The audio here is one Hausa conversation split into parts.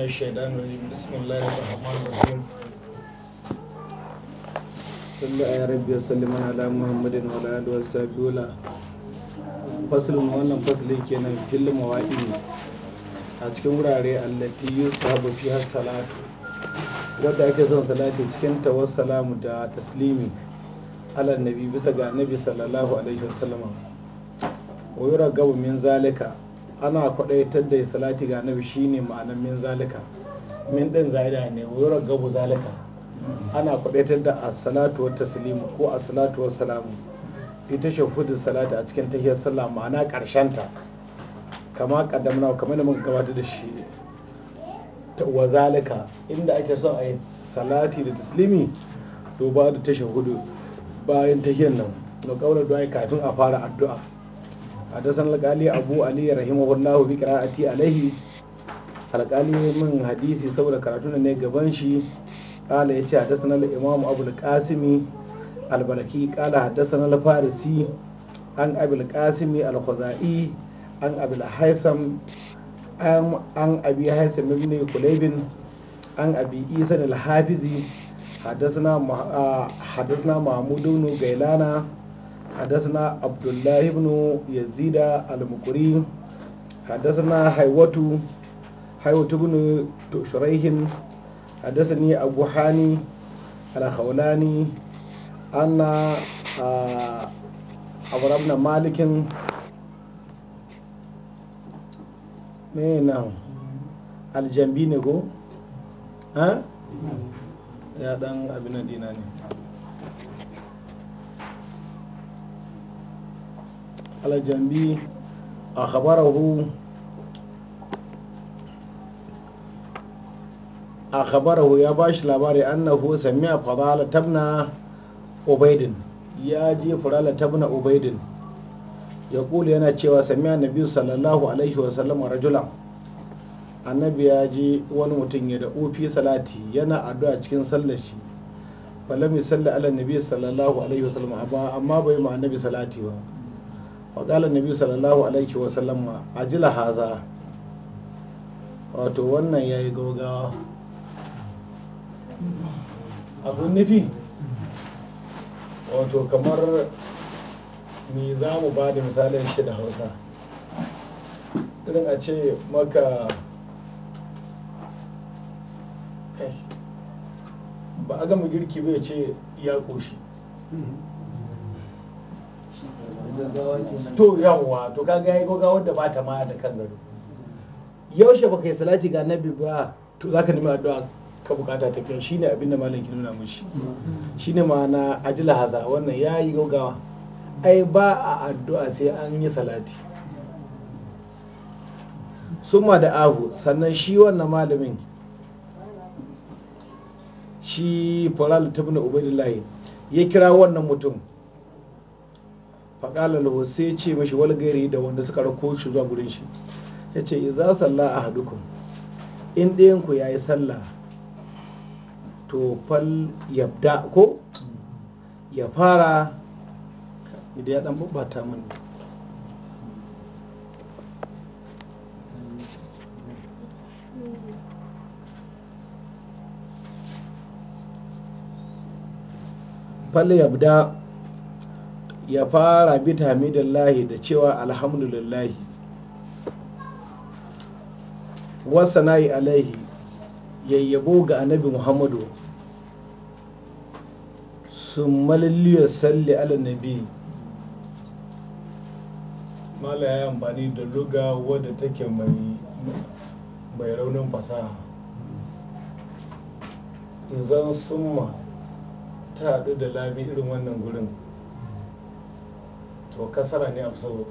من الشيطان الرجيم بسم الله الرحمن الرحيم صلى يا ربي وسلم على محمد وعلى اله وصحبه ولا فصل wannan faslin kenan fil mawaqi a cikin wurare allati yusabu fiha salatu wadda ake son salati cikin tawassalamu da taslimi ala nabi bisa ga nabi sallallahu alaihi wasallam wa gabu min zalika ana kwadaitar da salati ga annabi shine ma'anar min zalika min din zaida ne wurin gabu zalika ana kwadaitar da as-salatu wa taslimu ko as-salatu wa salamu ita shahudu salati a cikin tahiyar sallah ma'ana ta. kama kaddamna kamar da muka gabatar da shi wa zalika inda ake son a yi salati da taslimi to ba da tashahudu bayan tahiyar nan da kaular du'a kafin a fara addu'a hadasan alƙali abu ali rahimahullahu bi qira'ati alaihi alƙali min hadisi saboda karatu ne gaban shi qala yace hadasan al-imam abul qasimi al-balaki qala hadasan al-farisi an abul qasimi al-khuzai an abul haisam an abi haisam ibn kulaybin an abi isan al-hafizi حدثنا حدثنا محمود حدثنا عبد الله بن يزيد المقري حدثنا حيوة حيوة بن شريح حدثني أبو حاني الخولاني أن عمر ربنا مالك مين الجنبي نقول ها يا دان أبن ديناني على جنبي أخبره أخبره يا باش لاباري أنه سمع فضالة تبنى أبيد يا جي فضالة تبنى أبيد يقول أنا yana سمع النبي صلى الله عليه وسلم رجلا annabi ya ji wani mutum ya da ofi salati yana addu'a cikin sallar shi falam yusalli ala nabi sallallahu alaihi wasallam amma bai ma annabi salati ba waƙala biyu sallallahu alaihi wasallam jila haza wato wannan ya yi gaugawa abun nufi wato kamar ni za mu ba da misalin shi da hausa irin a ce maka kai ba a gama girki bai ce ya ƙoshi mm-hmm. to yawwa to kaga yayi gaggawa da ba ta ma da kan gado yaushe baka yi salati ga annabi ba to zaka nemi addu'a ka bukata ta kai shine abin da malam ki nuna mishi shine ma'ana ajila haza wannan yayi gogawa ai ba a addu'a sai an yi salati suma da ahu sannan shi wannan malamin shi falal tabna ubaidillahi ya kira wannan mutum faƙala lahu sai ce mashi wal gairi da wanda suka rako shi zuwa gurin shi ya ce idza salla hadukun in ɗayan ku yi sallah to fal yabda ko ya fara idan ya dan babbata mun fal yabda ya fara bi lahi da cewa alhamdulillahi wasa yi alaihi yayyabo ga annabi muhammadu sun maliliyar salli ala nabi mala ya yi amfani da ruga wadda take mai raunin fasaha Zan summa ta haɗu da lami irin wannan gurin to kasara ne a sauro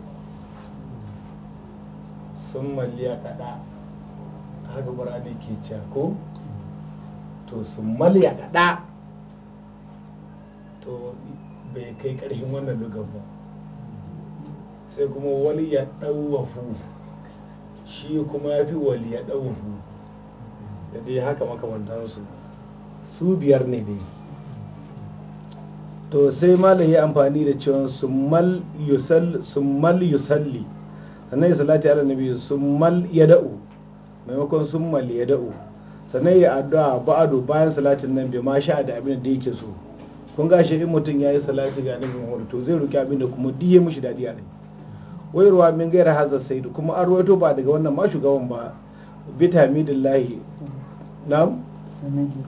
sun maliya kada haka ƙwararri ke cako to sun maliya kada to bai kai ƙarshen wannan lugar ba sai kuma wani ya ɗauwafu shi kuma ya fi wali ya ɗauwafu da dai haka makamantansu su biyar ne dai to sai malam ya amfani da cewa summal yusal summal yusalli sannan ya salati ala nabi summal yada'u maimakon summal yada'u sannan ya addu'a ba'adu bayan salatin nan bai ma sha da abin da yake so kun ga shi in mutum yayi salati ga annabi Muhammad to zai roki abin da kuma diye mishi dadi a rai wayarwa min gaira hazza sayyid kuma an ruwaito ba daga wannan ma shugaban ba bitamidillahi na'am sanadi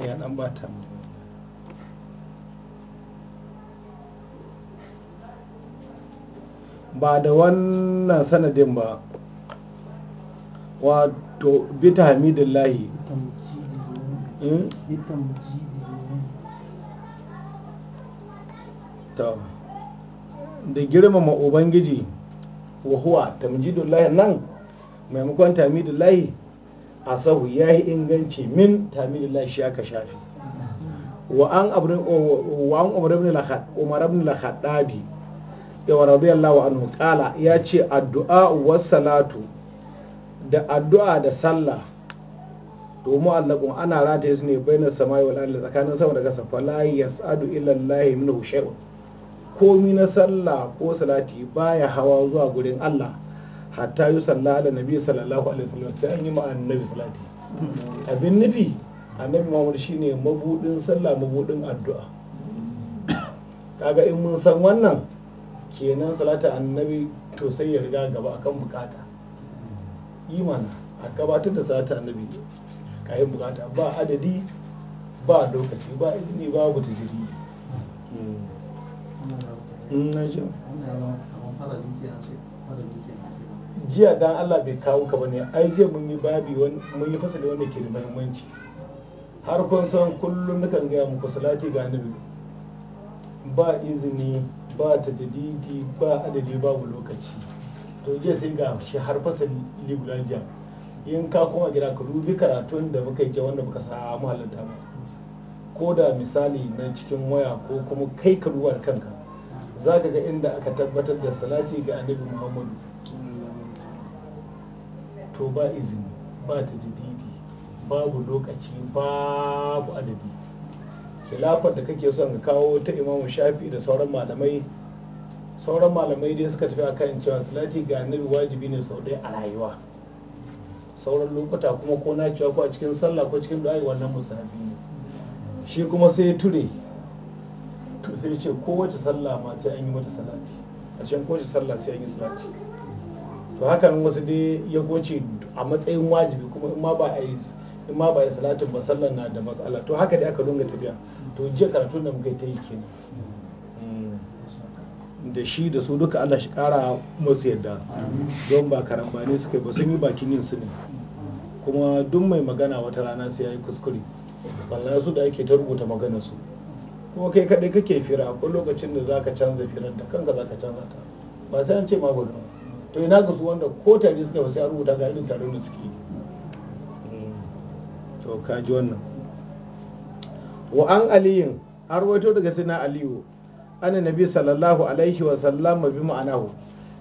ayan an bata mu ba da wannan sanadin ba wato bita lahi hmm? da girmama ubangiji wa huwa lahi nan maimakon lahi a sahu ya yi inganci min lahi shi aka shafi wa an umar ibn yawa radiyallahu anhu kala ya ce addu'a wa salatu da addu'a da sallah domin allakun ana rataye su ne bainar samai wal ardi tsakanin sama da ƙasa fa ya yas'adu illa Allah minhu shay'un komi na sallah ko salati baya hawa zuwa gurin Allah hatta yi salla da nabi sallallahu alaihi wasallam sai an yi ma annabi salati abin nufi annabi Muhammad shine mabudin sallah mabudin addu'a kaga in mun san wannan kenan salatar annabi to sai ya riga gaba akan bukata imana a gabatar da salatar annabi yi bukata ba adadi ba lokaci ba izini ba wata jiri hmm. jiya dan Allah bai kawo ka bane ai jiya mun yi babi mun yi fasali wanda ke da muhimmanci har kun san kullum nukan gaya muku salati ga annabi ba izini ba ta didi ba adadi babu lokaci to jiya sai ga shi har fasali guda jiya Yin ka koma gida ka rubi karatun da muka yi wanda baka samu halarta ba ko da misali na cikin waya ko kuma kai ka ruwar kanka za ka ga inda aka tabbatar da salati ga annabi muhammadu to ba izini ba ta didi babu lokaci babu adadi khilafar da kake son ka kawo ta imamu shafi da sauran malamai sauran malamai dai suka tafi akan cewa salati ga annabi wajibi ne sau ɗaya a rayuwa sauran lokuta kuma ko na cewa ko a cikin sallah ko cikin du'a wannan musafi ne shi kuma sai ya ture to sai ya ce kowace sallah ma sai an yi mata salati a cikin kowace sallah sai an yi salati to haka nan wasu dai ya goce a matsayin wajibi kuma in ma ba a yi in ma ba a yi salatin ba sallan na da matsala to haka dai aka dunga tafiya to jiya karatun da muka yi ta yi ke. Mm. da shi da su duka Allah shi kara masu yadda don ba karambani suka yi ba sun yi bakin yin su ne kuma duk mai magana wata rana sai ya yi kuskure balla su da ake ta rubuta magana su kuma kai kadai kake fira akwai lokacin da zaka canza firar da kanka zaka canza ta ba sai an ce ma ba to ina ga su wanda ko tare suka ba sai a rubuta ga irin taron da suke mm. to kaji wannan wa an aliyin an rawaito daga sina aliyu ana nabi sallallahu alaihi wa sallam bi ma'anahu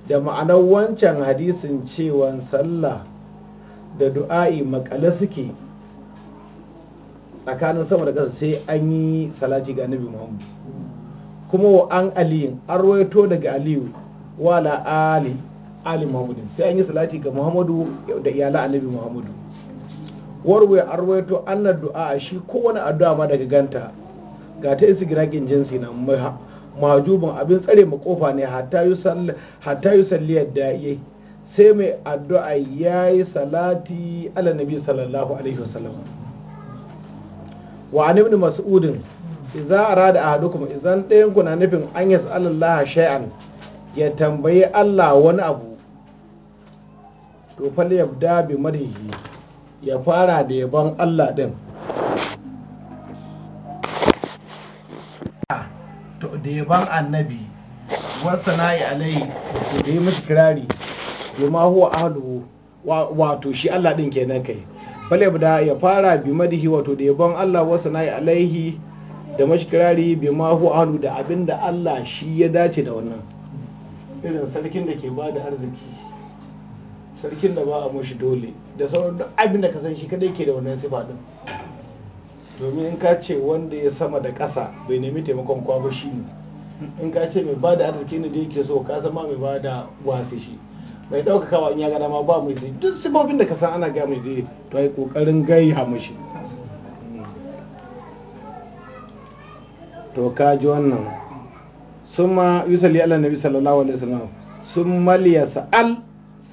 da ma'anar wancan hadisin cewan sallah da du'a'i makale suke tsakanin sama da ƙasa sai an yi salati ga annabi muhammad kuma wa an aliyin an rawaito daga aliyu wala ali ali muhammadin sai an yi salati ga muhammadu da a annabi muhammadu warwe arwaito na du'a shi kowane addu'a ma daga ganta ga ta isi jinsi na majubin abin tsare ma kofa ne hatta yi salliyar da'iye sai mai addu'a ya yi salati ala nabi sallallahu alaihi wasallam wa ibn mas'udin a arada ahadukum idan ɗayan ku na nufin an sallallahu shay'an ya tambayi Allah wani abu to fal yabda bi ya fara da yabon Allah ɗin ah, da yabon annabi wasa na'i alai da yi mishi kirari da ma huwa ahluhu wato shi Allah ɗin kenan kai bale da ya fara bi madihi wato da yabon Allah wasa na'i alaihi da mashi kirari bi ma huwa ahlu da abinda Allah shi ya dace da wannan irin sarkin da ke ba da arziki sarkin da ba a mushi dole da sauran duk abin da ka san shi kadai ke da wannan sifa din domin in ka ce wanda ya sama da ƙasa bai nemi taimakon kwa ba shi ne in ka ce mai bada arziki ne da yake so ka zama mai bada wasi shi mai ɗaukakawa in ya gana ma ba mai sai duk sifofin da ka san ana gaya mai dai to ai kokarin gaiha mushi. to ka ji wannan summa yusali ala nabi sallallahu alaihi wasallam summa liyasal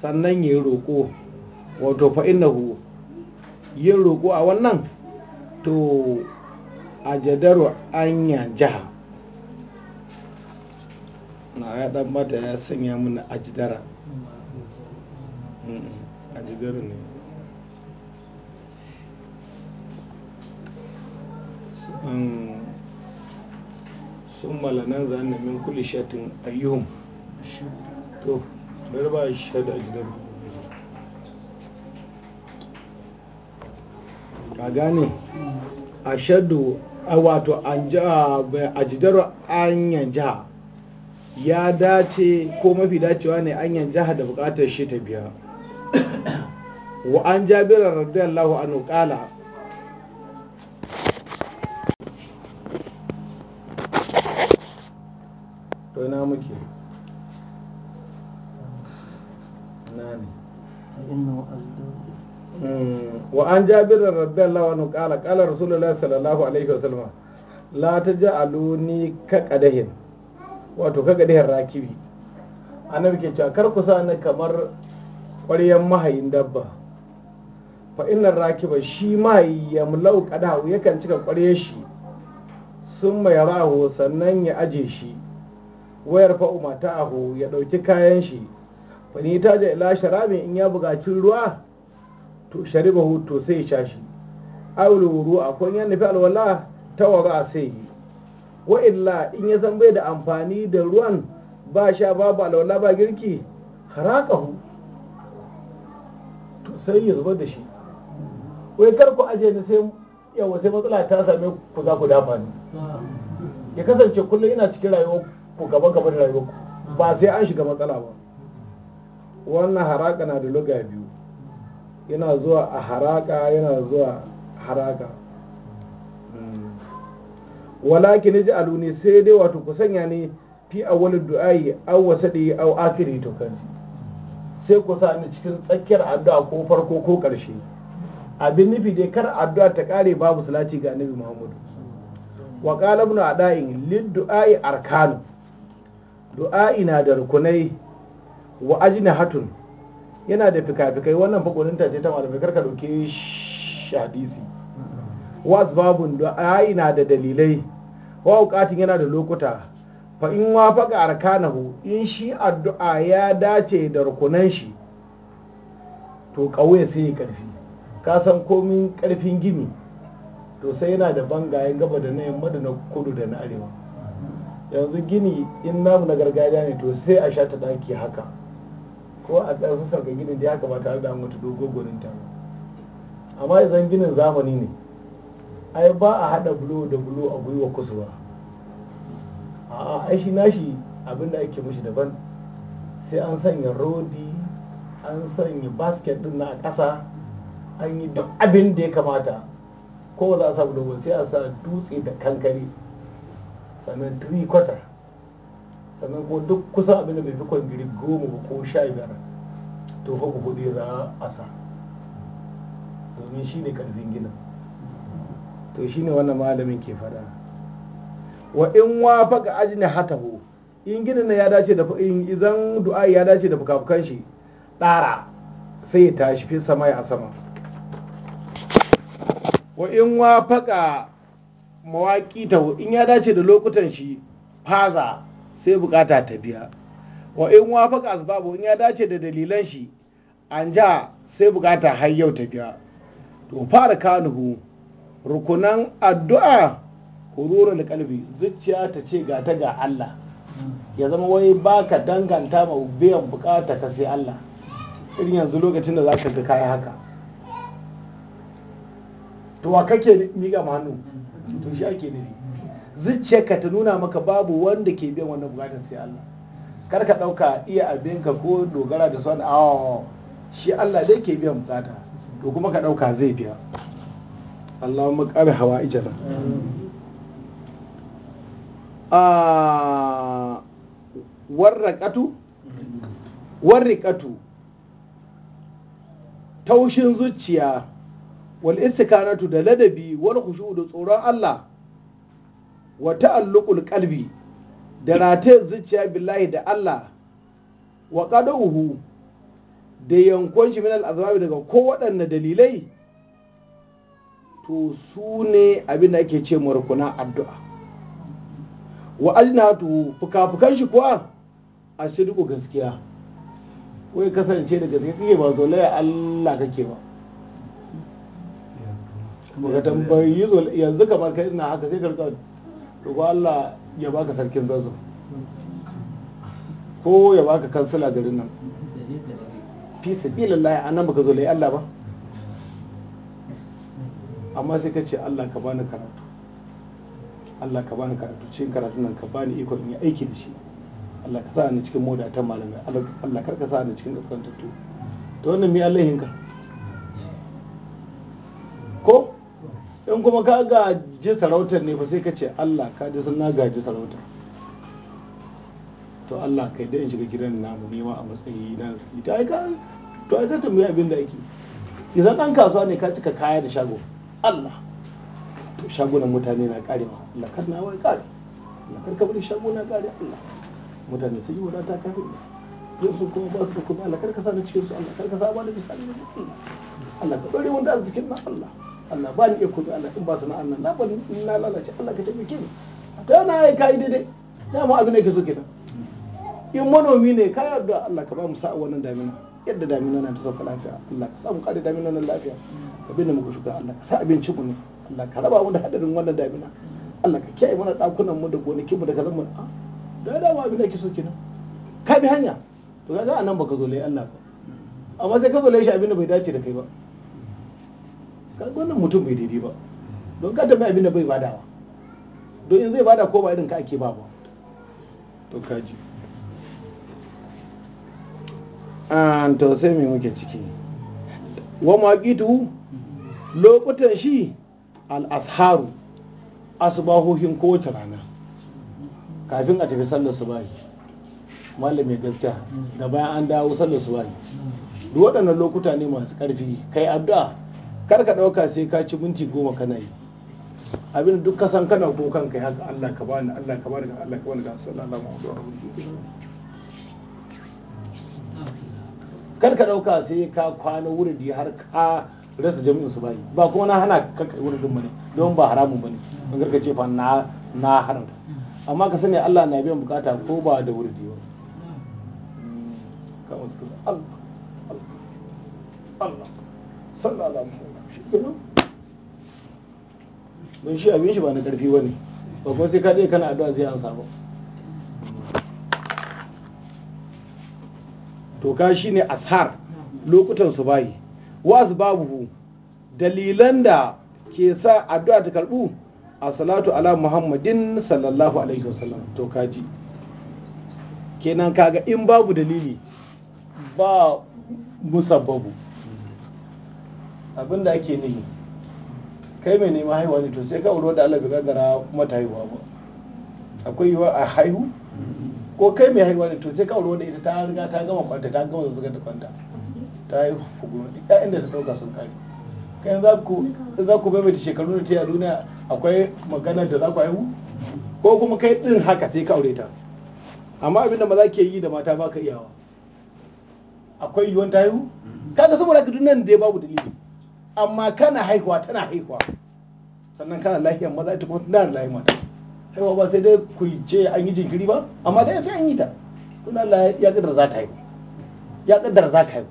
sannan ya yi roƙo wato fa innahu yin roƙo a wannan to a jadaru anya jaha na ya dan mata ya sanya mana a jidara ne sun malanan zanen min kulishatin ayyuhun to Yarba ya shaida ajinabi ka gane a shaddu wato ajidaru anyan jiha ya dace ko mafi dacewa ne anyan jiha da bukatar shi ta biya wa an jabira radiyallahu anu kala. an jabirin radiyallahu anhu qala qala rasulullahi sallallahu alaihi wasallam la taj'aluni ka qadahin wato ka qadahin rakibi annabi ke cewa kar ku sa kamar ƙwaryan mahayin dabba fa inna rakiba shi mahayi ya mulau qadahu yakan cika ƙwarye shi sun mai sannan ya ajiye shi wayar fa ya ɗauki kayan shi fa ni ta ja ila sharabin in ya buƙaci ruwa to sharibahu to sai ya shashi awul wuru a in yan nufi alwala ta wara sai yi wa illa in ya san bai da amfani da ruwan ba sha babu alwala ba girki harakahu to sai ya zubar da shi wai kar ku aje ni sai yawa sai matsala ta same ku za ku dafa ni ya kasance kullum ina cikin rayuwar ku gaba gaba da rayuwar ku ba sai an shiga matsala ba wannan haraka na da luga biyu yana zuwa a haraka yana zuwa haraka walakin ji aluni sai dai wato ku sanya ne fi au wasa da yi au akiri to kan sai ku sa ni cikin tsakiyar addu'a ko farko ko karshe abin nufi dai kar addu'a ta kare babu salati ga nabi Muhammadu. wa qala ibn ada'in lid du'ai arkanu du'ai na da rukunai wa ajnihatun hatun yana da fikafikai wannan fakulinta ce ta malamai karka dauke shi hadisi babu asbabun na da dalilai wa auqatin yana da lokuta fa in arka arkanahu in shi addu'a ya dace da rukunan shi to kauye sai ya karfi ka san komin karfin gini to sai yana da bangayen gaba da na yamma da na kudu da na arewa yanzu gini in namu na gargajiya ne to sai a sha ta daki haka ko a ƙasa sarka ginin da ya kamata a damu ta dogo gwanin ta amma idan ginin zamani ne ai ba a haɗa bulo da bulo a gwiwa kusurwa a ai nashi abinda ake mashi daban sai an sanya rodi an sanya basket din na ƙasa an yi duk abin da ya kamata ko za a sa bulo sai a sa dutse da kankare sannan three quarter sannan ko duk kusa abin da bai fi kwangiri goma ko sha biyar to fa ku za a sa domin shi ne ƙarfin ginin to shi ne wannan malamin ke faɗa wa in wa faka ajina hatahu in ginin ya dace da idan du'a ya dace da fukafukan shi ɗara sai ya tashi fi sama ya sama wa in wa faka mawaki ta in ya dace da lokutan shi faza sai bukata ta biya wa in wafaka asbabu in ya dace da dalilan shi an ja sai bukata har yau ta biya to fara kanuhu rukunan addu'a da kalbi zuciya ta ce ga ta ga Allah ya zama wai baka danganta ma biyan bukata ka sai Allah irin yanzu lokacin da za ka ga kaya haka to wa kake miƙa ma hannu to shi ake nufi zuciya ka ta nuna maka babu wanda ke biyan wannan bukatar sai Allah kar ka ɗauka iya abinka ko dogara da son awo shi Allah dai ke biyan bukata to kuma ka ɗauka zai biya Allahumma ƙara hawa ijana a ah, warraƙatu warriƙatu taushin zuciya wal istikanatu da ladabi wal khushu da tsoron Allah wa ta'alluqul qalbi da ratayar zuciya billahi da Allah wa qadauhu da yankon shi min al'azabi daga ko waɗanne dalilai to su ne abin da ake ce murkunan addu'a wa ajnatu fuka-fukan shi kuwa a shirku gaskiya wai kasance da gaskiya kake ba zo laya Allah kake ba ka tambayi yanzu kamar kai ina haka sai karka to Allah ya baka sarkin zazzau ko ya baka kansila garin nan fi sabilillahi anan baka zo lai Allah ba amma sai ka ce Allah ka bani karatu Allah ka bani karatu cikin karatu nan ka bani iko in yi aiki da shi Allah ka sa ni cikin moda ta malamai Allah kar ka sa ni cikin kaskantattu to wannan mi Allah hinka ko in kuma ka gaji sarautar ne fa sai ka ce Allah ka ji sun na gaji sarauta to Allah kai da in shiga gidan namu nema a matsayi na sarki ta aika to aika tambayi abin da ake idan ɗan kasuwa ne ka cika kaya da shago Allah to shagunan mutane na ma, Allah kar na wai kare Allah kar ka bari na kare Allah mutane sun yi wadata kafin yau sun kuma ba su da kuma Allah kar ka sa na cikin su Allah kar ka sa ba ni misali Allah ka dore wanda cikin na Allah Allah ba ni iya komi Allah in ba sana'an nan na bani na lalace Allah ka taimake ni ta na yi kai daidai mu abin da ke so kenan in manomi ne ka yarda Allah ka ba mu sa'a wannan damina yadda damina nan ta sauka lafiya Allah ka sa mu kare damina nan lafiya ka binne muku shuka Allah ka sa abinci mu ne Allah ka raba mu da hadarin wannan damina Allah ka kiyaye mana dakunan mu da gonakin mu da kazan mu ah, da dama abin da ke so kenan ka bi hanya to ga a nan baka zo lai Allah ba amma sai ka zo lai shi abin da bai dace da kai ba wannan mutum bai daidai ba don ka tafi abin da bai badawa don in zai bada ko ba irin ka ake ba ba to kaji an to sai mai muke ciki wa maqitu lokutan shi al asharu asbahohin kowace rana kafin a tafi sallar subahi malami gaskiya da bayan an dawo sallar subahi duk waɗannan lokuta ne masu ƙarfi kai addu'a kar ka ɗauka sai ka ci minti goma kana yi abin duk ka san kana ko kanka ya haka Allah ka bani Allah ka bani Allah ka bani sallallahu alaihi wasallam kar ka ɗauka sai ka kwana da har ka rasa jami'in su bai ba kuma na hana ka kai din bane don ba haramun bane don garka ce fa na na haramta amma ka sani Allah na biyan bukata ko ba da wuridi ba hmm. Allah Allah sallallahu alaihi don shi abin shi ba na karfi ba ne ba kuma sai ka ɗaya kana addu'a zai an samu to ka shi ne ashar lokutan su bayi su babu dalilan da ke sa addu'a ta karɓu a salatu ala muhammadin sallallahu alaihi wasallam to ka ji. kenan kaga in babu dalili ba musabbabu abinda da ake nihi kai mai neman haihuwa ne to sai ka aure da Allah bai gagara mata haihuwa ba akwai yiwuwa a haihu ko kai mai haihuwa ne to sai ka aure da ita ta riga ta gama kwanta ta gama zazzaga ta kwanta ta haihu kuma ya inda ta dauka sun kare kai za ku za ku bai shekaru na ta duniya akwai maganar da za ku haihu ko kuma kai ɗin haka sai ka aure ta amma abinda maza ke yi da mata ba ka iyawa akwai yiwuwan ta haihu kaga saboda ka nan dai babu dalili amma kana haihuwa tana haihuwa sannan kana lafiyar maza ita kuma tana da lafiyar mata haihuwa ba sai dai ku je an yi jinkiri ba amma dai sai an yi ta kuna la ya kaddara za ta haihu ya kaddara za ka haihu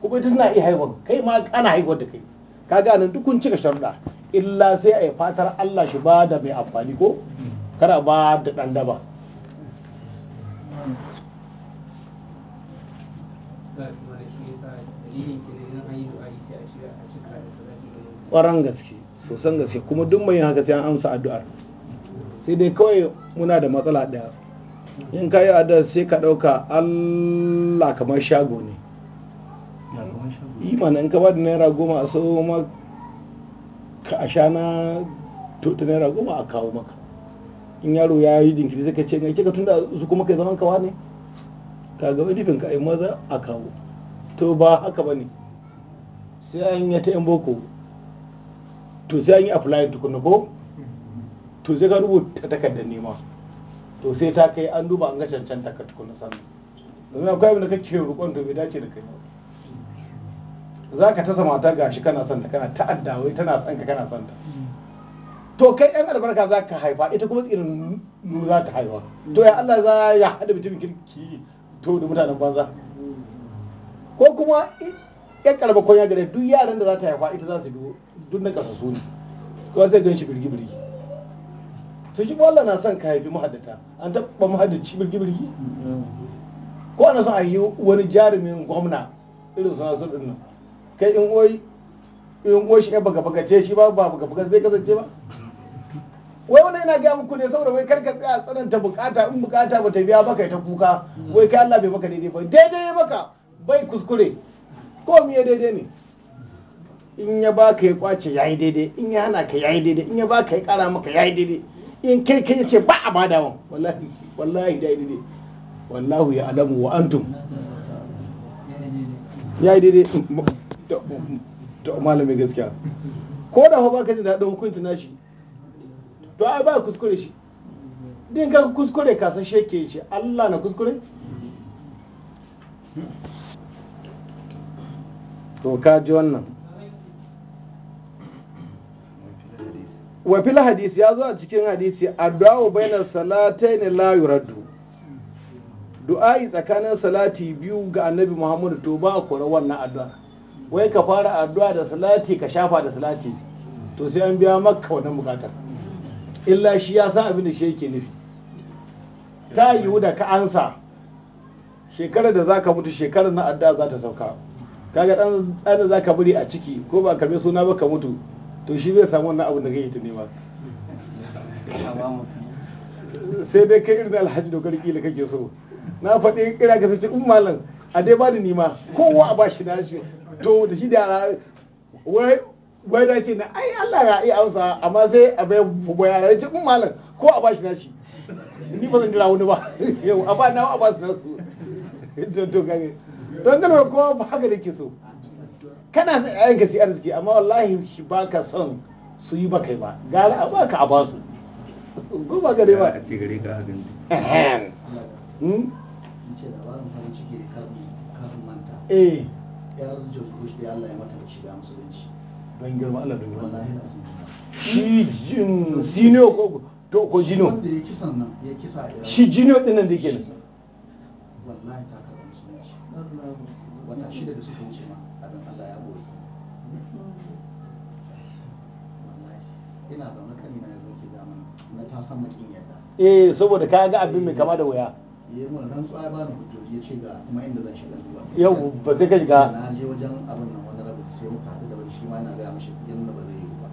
kuma ita tana iya haihuwa kai ma kana haihuwar da kai ka nan duk kun cika sharuɗa illa sai a yi fatar Allah shi ba da mai amfani ko kara ba da ɗan daba you. ƙwaron gaske sosan gaske kuma duk mai haka sai an amsa addu'ar sai dai kawai muna da matsala ɗaya in ka yi addu'ar sai ka ɗauka allah kamar shago ne imanin in ka ba da naira goma a sau ka a sha na tota naira goma a kawo maka in yaro ya yi jinkiri sai ka ce ga kika tunda su kuma kai zaman kawa ne ka ga wajibin ka ai maza a kawo to ba haka ba ne sai an yi ta yan boko to sai an yi applying tukuna ko to sai ka rubuta takardar nema to sai ta kai an duba an ga cancanta ka tukuna sannan domin akwai abin da kake roƙon to bai dace da kai ba za ka tasa mata gashi kana son ta kana ta'adda wai tana son ka kana son ta to kai yan albarka za ka haifa ita kuma tsirin nu za ta haifa to ya Allah za ya haɗa mutumin kirki to da mutanen banza ko kuma yan karɓar ya gare duk yaran da za ta haifa ita za su biyo duk na kasa su ne zai ganshi shi birgi birgi to shi Allah na son ka haifi muhaddata an taɓa muhaddaci birgi birgi ko ana son a yi wani jarumin gwamna irin suna nasu ɗin nan kai in oyi in oyi shi ya baga baga ce shi ba ba baga baga zai kasance ba wai wani yana gaya muku ne saboda wai karka tsaya tsananta bukata in bukata ba ta biya ba ta kuka wai kai Allah bai maka daidai ba daidai maka bai kuskure ko miye daidai ne in ya baka ya kwace ya yi daidai in ya hana ka yi daidai in ya baka ya kara maka yi daidai in kai kai ce ba a wa wallahi ya yi daidai wallahu ya alamu wa antum yi daidai to malami gaskiya ko da ba ka ji daɗin hukunci na shi to ai ba kuskure shi din ka kuskure ka san sheke ce Allah na kuskure to ka ji wannan wa fil hadisi ya zo a cikin hadisi addu'a bainar salatayn la yuraddu du'a'i tsakanin salati biyu ga annabi muhammadu to ba kura wannan addu'a wai ka fara addu'a da salati ka shafa da salati to sai an biya maka wannan bukatar illa shi ya san abin da shi yake nufi ta yiwu da ka ansa shekarar da zaka mutu shekarar na addu'a za ta sauka kaga dan da zaka bari a ciki ko ba ka karbe suna ba ka mutu to shi zai samu wannan abin da kai ta nema sai dai kai irin alhaji dokar kila kake so na faɗi ina ka sace in malam a dai ba ni nima kowa a bashi na shi to da shi da ra wai wai da ce na ai Allah ya yi ausa amma sai a bai boya bayar ce in malam ko a bashi na shi ni ba zan jira wani ba yau a ba na a ba su na su don gano ko ba haka da ke so kana son ka su arziki amma wallahi ba ka son su yi maka ba gara a baka a ba su ko ba gare ba a ce gare ka hakan ehem hmm in ce da barin farin ciki da kafin kafin manta eh ya yar George Bush da Allah ya mata shiga musulunci don girma Allah don girma shi jin zino ko to ko jino wanda ya kisa nan ya kisa shi jino din nan da yake nan wallahi ta karɓa musulunci wata shida da suka wuce ma ina zaune kani na yanzu ke zaman na ta san mutum yadda eh saboda kayan ga abin mai kama da wuya ya mun rantsuwa ya bani hujjoji ya ce ga kuma inda zan shiga zuwa yau ba sai ka shiga na je wajen abin nan wani rabu sai muka haɗu da wani shi ma na gaya mashi yin ba zai yi ba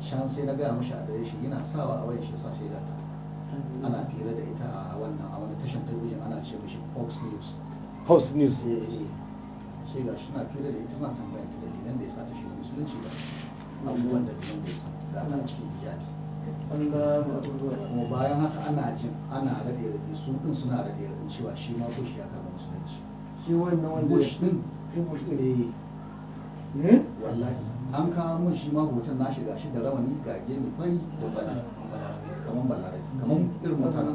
can sai na gaya mashi a dare shi yana sawa a wayan shi sa sai data ana fira da ita a wannan a wani tashan talabijin ana ce mishi fox news fox news eh, eh. sai ga shi na fira da ita zan tambaya ta dalilan da ya sa ta shiga musulunci ba abubuwan da da ya sa da ana cikin iyali kuma bayan haka ana jin ana rage rage su din suna rage rage cewa shi ma bush ya kama musulunci shi wannan wanda bush din shi bush din eh? eh wallahi an kawo mun shi ma hoton nashi ga shi da rawani ga gemi fari da kamar kamar irin mutanen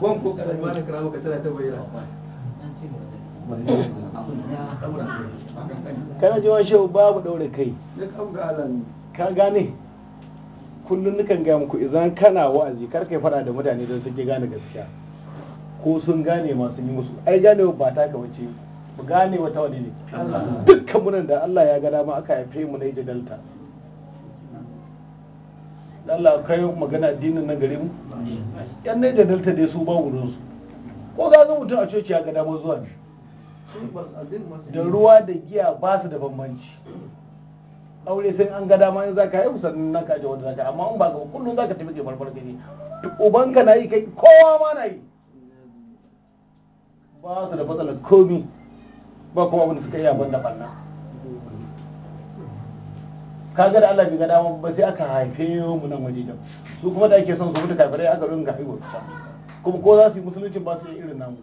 ko ka ta bayyana kana ji wani shehu babu daure kai duk ga ka gane kullum nukan gaya muku idan kana wa'azi kar kai faɗa da mutane don sun gane gaskiya ko sun gane ma sun yi musu ai gane ba ta ka wace mu gane wata wani ne dukkan munan da Allah ya gada ma aka haife mu na yi jadalta Allah kai magana addinin na gare mu yan ne jadalta dai su ba wurin su ko ga zan mutum a coci ya ga dama zuwa ne da ruwa da giya ba su da bambanci aure sai an ga dama in zaka haihu sannan nan ka aje wanda zaka amma in ba ga kullum zaka tafi ke barbar gani ubanka na yi kai kowa ma na yi ba su da matsalar komi ba kuma wanda suka yi abin da ka kaga da Allah bai ga dama ba sai aka haife mu nan waje wajejen su kuma da ake son su mutu kafirai aka ringa haihuwa su can kuma ko za su yi musulunci ba su yi irin namu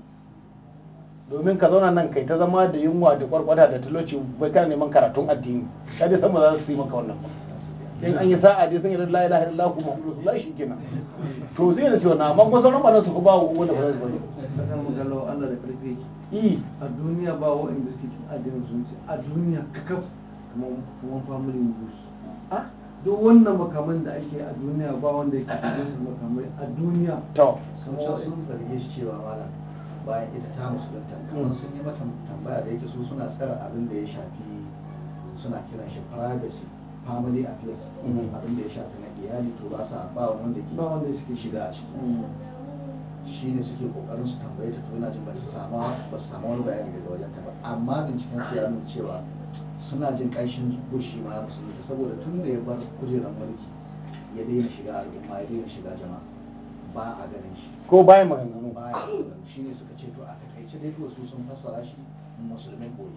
domin ka zauna nan kai ta zama da yunwa da kwarkwata da talauci bai kana neman karatun addini ka dai san ba za su yi maka wannan ba in an yi sa'a dai sun yi la ilaha illallah kuma rasulullah shi kenan to zai da cewa na amma ko sauran ba su ko ba wanda ba su bane kan magalo Allah da karfe yake eh. a duniya ba wa'anda suke cikin addinin zuci a duniya kakaf kamar kuma family news a ah? duk wannan makaman da ake a duniya ba wanda yake cikin makamai a duniya to sun zarge shi cewa malam bayan ita ta musulunta kamar sun yi mata tambaya da yake su suna tsara abin da ya shafi suna kiran shi privacy family affairs mm-hmm. abin da ya shafi na iyali to ba sa ba wanda ke ba wanda suke shiga a ciki mm-hmm. shi ne suke kokarin su tambaye ta yana jin ba ta sama ba samu wani bayani daga wajen ta ba amma binciken su ya nuna cewa suna jin ƙanshin bushi ma musulunta saboda tun da ya bar kujerar mulki ya daina shiga al'umma ya daina shiga jama'a ba a ganin shi ko bayan maganganu ba shi ne suka ce to a takaice dai to su sun fassara shi musulmin boye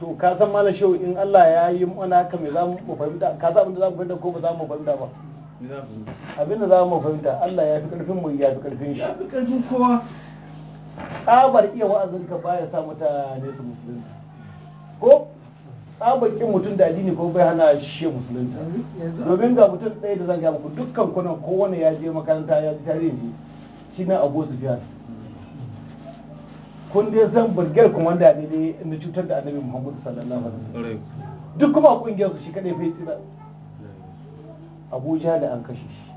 to ka san mala shehu in Allah ya yi mana ka me za mu fahimta ka san abinda za mu fahimta ko ba za mu fahimta ba abinda za mu fahimta Allah ya fi karfin mu ya fi karfin shi ya fi karfin kowa tsabar iya wa'azinka baya sa mutane su musulmi ko tsabakin mutum da addini ko bai hana shi musulunta domin ga mutum ɗaya da zan gaya muku dukkan kunan kowane ya je makaranta ya ji tarihin shi na abu sufiyan kun dai zan burgar da ne dai na cutar da annabi muhammadu sallallahu alaihi wasallam duk kuma kungiyar su shi kadai fa ba abu da an kashe shi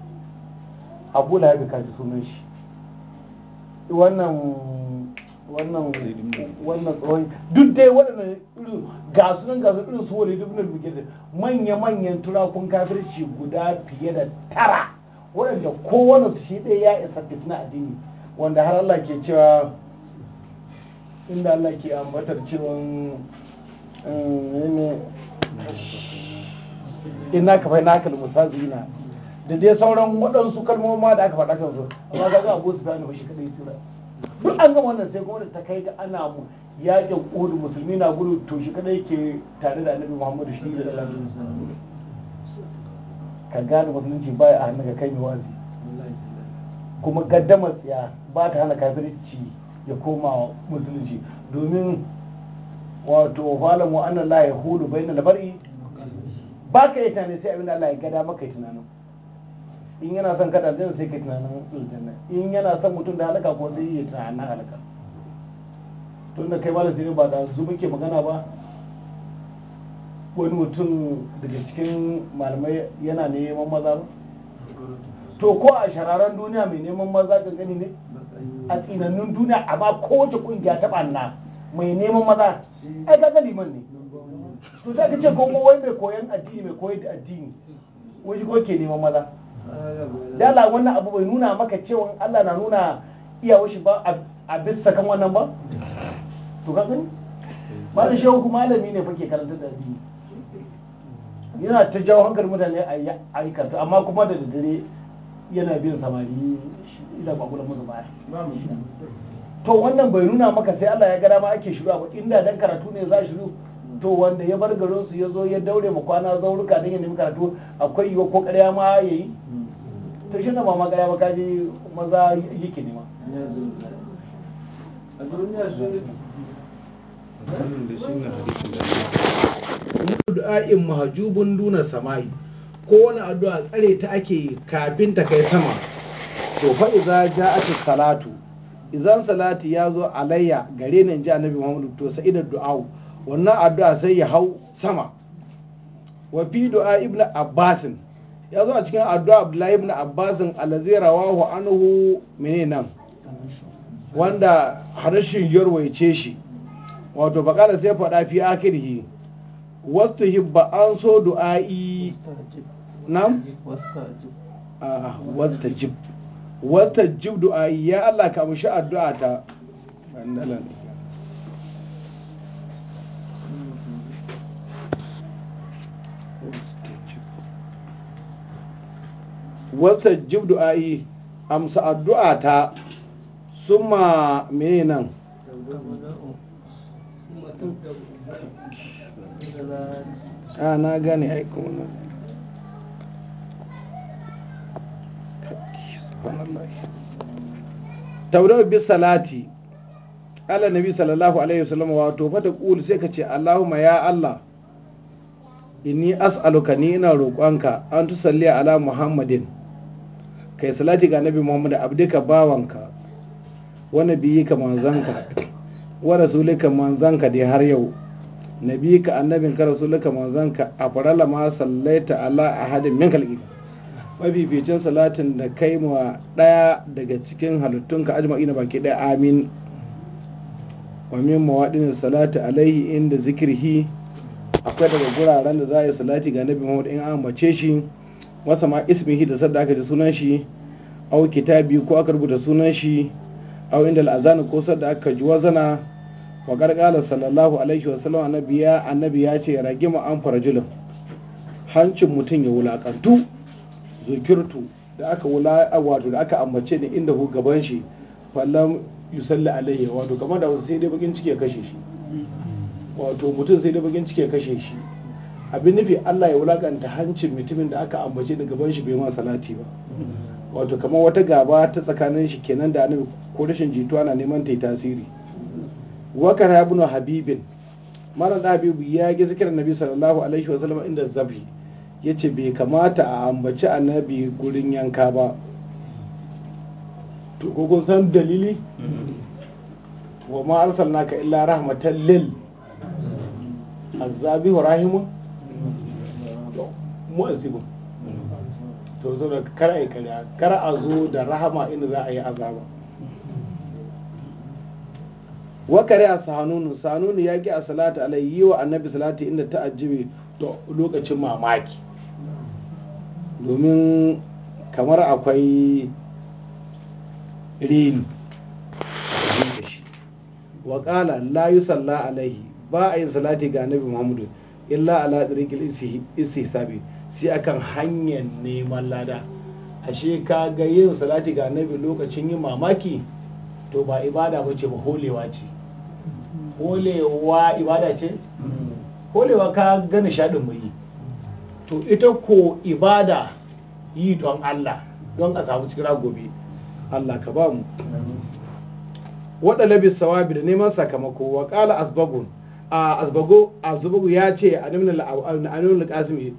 abu lahabi kafi sunan shi wannan wannan tsohon duk dai waɗannan irin gasu nan gasu irin su wale duk nan bugir manya-manyan turakun kafirci guda fiye da tara waɗanda kowane su shi ɗaya ya isa fitina addini wanda har Allah ke cewa inda Allah ke ambatar cewa eh, ina ka fai nakal zina da dai sauran waɗansu kalmomi da aka faɗa kansu amma ga abu su fi hannu shi kaɗai tsira duk an gama wannan sai kuma ta kai ga ana mu yakin uhud musulmi na gudu to shi kadai ke tare da annabi muhammadu shi da lalacin ka gane musulunci ba a hannu ka kai mai wazi kuma gaddamar tsiya ba ta hana kafirci ya koma musulunci domin wato falamu annan la ya hudu bai na labari ba ka yi tunani sai abin da Allah ya gada maka yi tunanin in yana son kada aljanna sai ka tunanin aljanna in yana son mutum da halaka ko sai ya tunanin halaka tun da kai malami ne ba da zu muke magana ba wani mutum daga cikin malamai yana neman maza ba to ko a shararen duniya mai neman maza gangani ne a tsinannun duniya amma kowace kungiya ta banna mai neman maza ai kaga liman ne to sai ka ce ko wai mai koyan addini mai koyi da addini wai ko ke neman maza dala wannan abu bai nuna maka cewa Allah na nuna iyawar shi ba a bisa kan wannan ba to ka gani malam shehu malami ne fake karanta da addini yana ta jawo hankalin mutane a yi karatu amma kuma da dare yana bin samari ina kwakwula musu ba to wannan bai nuna maka sai Allah ya ga dama ake shiru ba inda dan karatu ne za shiru to wanda ya bar garinsu ya zo ya daure ma kwana zaurika don ya nemi karatu akwai yiwuwa ko ƙarya ma ya yi to shi na ba magana ba kaji maza yi ne ma du'a'in mahajubun duna sama'i ko wani addu'a tsare ta ake kafin ta kai sama to fa iza ja'at salatu Izan salati ya zo alayya gare nan ji annabi Muhammadu to sai da du'a wannan addu'a sai ya hau sama wa fi du'a Ibn abbasin ya zo a cikin addu'a abdullahi ibn abbasin alazi rawahu anhu mene nan wanda harshen yarwaice shi wato bakala sai faɗa fi akirhi wasu hibba an so du'a'i nan wasta jib wasta jib du'a'i ya allah ka addu'a ta wata jib du'a'i amsa addu'a ta suma mene nan a ah, na gane na taurar bi salati ala nabi sallallahu alaihi wasallam wato fata kul sai ka ce allahumma ya allah inni as'aluka ni ina roƙonka an tusalli ala muhammadin kai salati ga nabi muhammad abdika bawanka wa nabiyika manzanka wa rasulika manzanka dai har yau nabiyika ka rasulika manzanka a farala ma sallaita ala ahadin min kalqika mafificin salatin da kai ma daya daga cikin halittunka na baki daya amin wa min mawadin salati alaihi inda zikirhi akwai daga guraren da za a yi salati ga nabi muhammad in an mace shi masa ma ismihi da sadda aka ji sunan shi au kitabi ko aka rubuta sunan shi au inda al'azana ko sadda aka ji wazana wa gargala sallallahu alaihi wasallam annabi ya annabi ya ce ragima an farajulun hancin mutum ya wulakantu zukirtu da aka wula wato da aka ambace ni inda hu gaban shi fallam yusalli alayya wato kamar da wasu sai dai bakin ciki ya kashe shi wato mutum sai dai bakin ciki ya kashe shi abin nufi Allah ya wulakanta hancin mutumin da aka ambace da gaban shi bai ma salati ba wato kamar wata gaba ta tsakanin shi kenan da annabi ko rashin jituwa na neman ta tasiri wakar ibn habibin Mara da habibu ya yi zikirar nabi sallallahu alaihi wasallam inda zabi ce bai kamata a ambaci annabi gurin yanka ba to ko kun san dalili wa ma arsalnaka illa rahmatan lil azabi rahimun mu'azzibun to zo da kar a yi kar a zo da rahama in za a yi azaba wa kariya sanunu sanunu ya ki a salatu alayhi wa annabi salatu inda ta ajibi to lokacin mamaki domin kamar akwai rini wa kala la yusalla alaihi ba a yin salati ga annabi muhammadu illa ala tsirikil isi sabi sai akan hanyar neman lada ashe ka ga yin salati ga annabi lokacin yin mamaki to ba ibada ba ce ba holewa ce holewa ibada ce holewa ka ga nishadin mu yi to ita ko ibada yi don Allah don a samu cikin gobe Allah ka ba mu waɗanda bis sawabi da neman sakamako wa ƙala asbagun a asbago ya ce a nuna al'azumi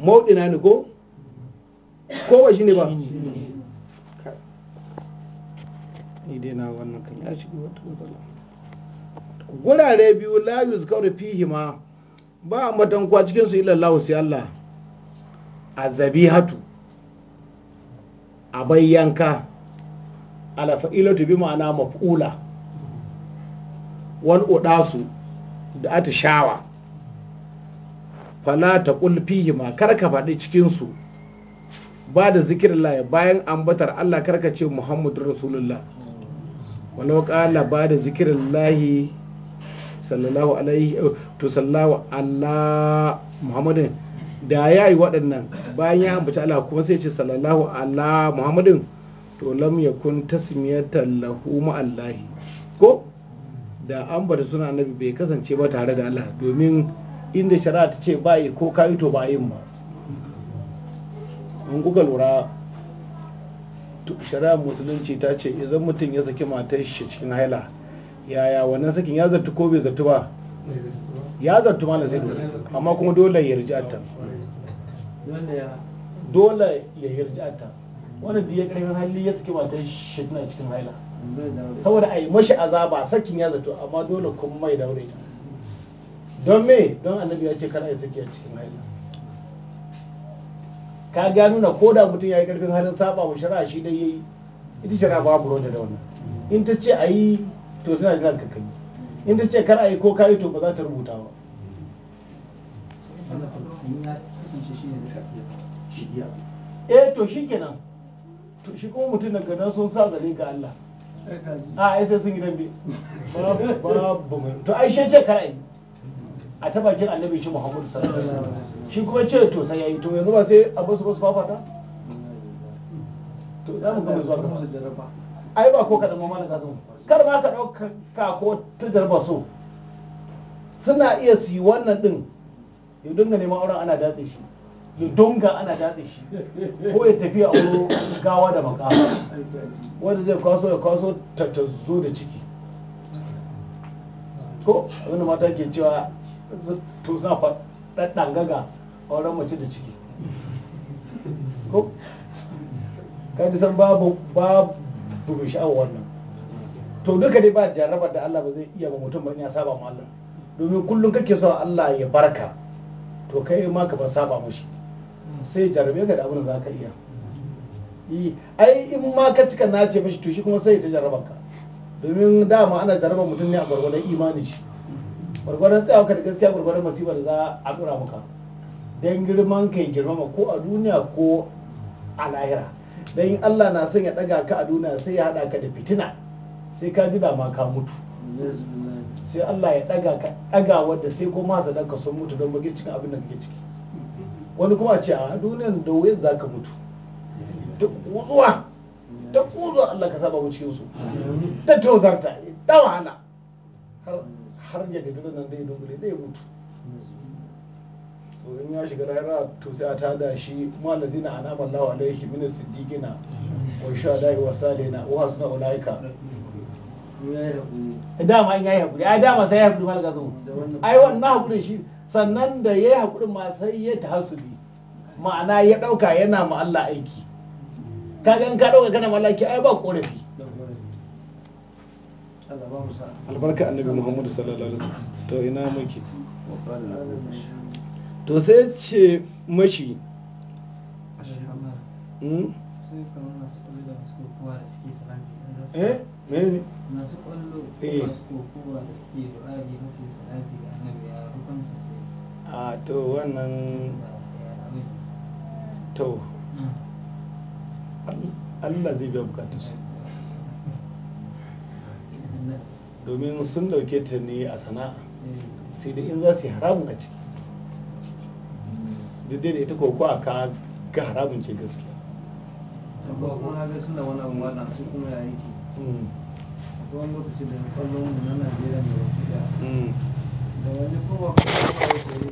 na ni ko ko ba shi ne ba ni dai na wannan kan ya shiga wata matsala wurare biyu la yuzkaru fihi ma ba matan kwa cikin su illa Allah sai Allah azabihatu a bayyanka ala fa'ilatu bi ma'ana maf'ula wal udasu da atishawa fala ta kulfihi ma kar ka faɗi cikinsu ba da zikirillah bayan ambatar Allah kar ka ce Muhammadu Rasulullah walau kala ba da zikirillahi sallallahu alaihi to sallahu Allah Muhammadin da ya yi waɗannan bayan ya ambaci Allah kuma sai ce sallallahu Allah Muhammadin to lam yakun tasmiyatan lahu ma'allahi ko da ambata suna annabi bai kasance ba tare da Allah domin inda shari'a ta ce ba yi ko ka yi to ba yin ma in kuka lura shari'a musulunci ta ce idan mutum ya saki matar shi cikin haila yaya wannan sakin ya zartu ko bai zartu ba ya zartu malam sai dole amma kuma dole ya rija ta dole ya yarji ta da ya karfin hali ya saki matar shi cikin haila saboda a yi mashi azaba sakin ya zartu amma dole kuma mai daure don me don annabi ya ce kar a yi saki a cikin haila ka ga nuna ko da mutum ya yi karfin halin saba wa shari'a shi dai yayi ita shara ba buro da wannan in ta ce a yi to tana jiran ka kai in ta ce kar a yi ko ka yi to ba za ta rubuta ba eh to shi kenan to shi kuma mutum daga nan sun sa zare ga Allah a ai sai sun yi dambe ba ba to ai shi ce kar yi a ta bakin annabi shi muhammadu sallallahu alaihi wasallam shi kuma ce to sai yayi to yanzu ba sai a basu basu fafata to za mu gama zuwa ga jarraba ai ba ko kadan ma malam kasu kar ma ka dauka ka ko ta jarraba so suna iya su yi wannan din ya dinga neman auren ana datse shi ya dunga ana datse shi ko ya tafi a wuro gawa da maka wanda zai kwaso ya kwaso ta zo da ciki ko abinda mata ke cewa to sa faɗaɗɗan gaga auren mace da ciki ko kai san babu babu sha'awar wannan to duka dai ba jarrabar da Allah ba zai iya ba mutum ba ya saba ma Allah domin kullum kake so Allah ya barka to kai ma ka bar saba mushi sai jarrabe ka da abin da ka iya ai in ma ka cika nace mashi to shi kuma sai ta jarrabar ka domin dama ana jarrabar mutum ne a gwargwadon imanin shi gwargwaron tsayawa da gaskiya gwargwaron masifa da za a dora maka don girman ka yin girmama ko a duniya ko a lahira don Allah na son ya ɗaga ka a duniya sai ya haɗa ka da fitina sai ka ji dama ka mutu sai Allah ya ɗaga ka daga wadda sai ko hasadan ka sun mutu don bage cikin abin da kake ciki wani kuma ce a duniyan da wuyar za ka mutu ta kuzuwa kuzuwa Allah ka saba mu cikin su ta tozarta ta wahala har ya gaji nan zai dogare zai mutu to in ya shiga rayuwa to sai a tada shi malazi na anama Allah alaihi min siddiqina wa shahada'i wa salina wa hasna ulaika dama in yayi hakuri ai dama sai ya hakuri malaka zo ai wannan hakurin shi sannan da yayi hakurin ma sai ya tahassubi ma'ana ya dauka yana ma Allah aiki kaga in ka dauka kana malaki ai ba korafi albarka annabi muhammadu sallallahu alaihi wasallam to ina muke to sai ce mashi hmm? eh? eh. a to wannan to hmm. Allah zai biya bukatu su domin sun dauke ta ne a sana'a hmm. sai da in za su yi haramun a ciki hmm. duk da ita koko a ka ga haramun ce gaskiya suna wani abu kuma hmm. akwai wani mu na da wani kuma kwallon mu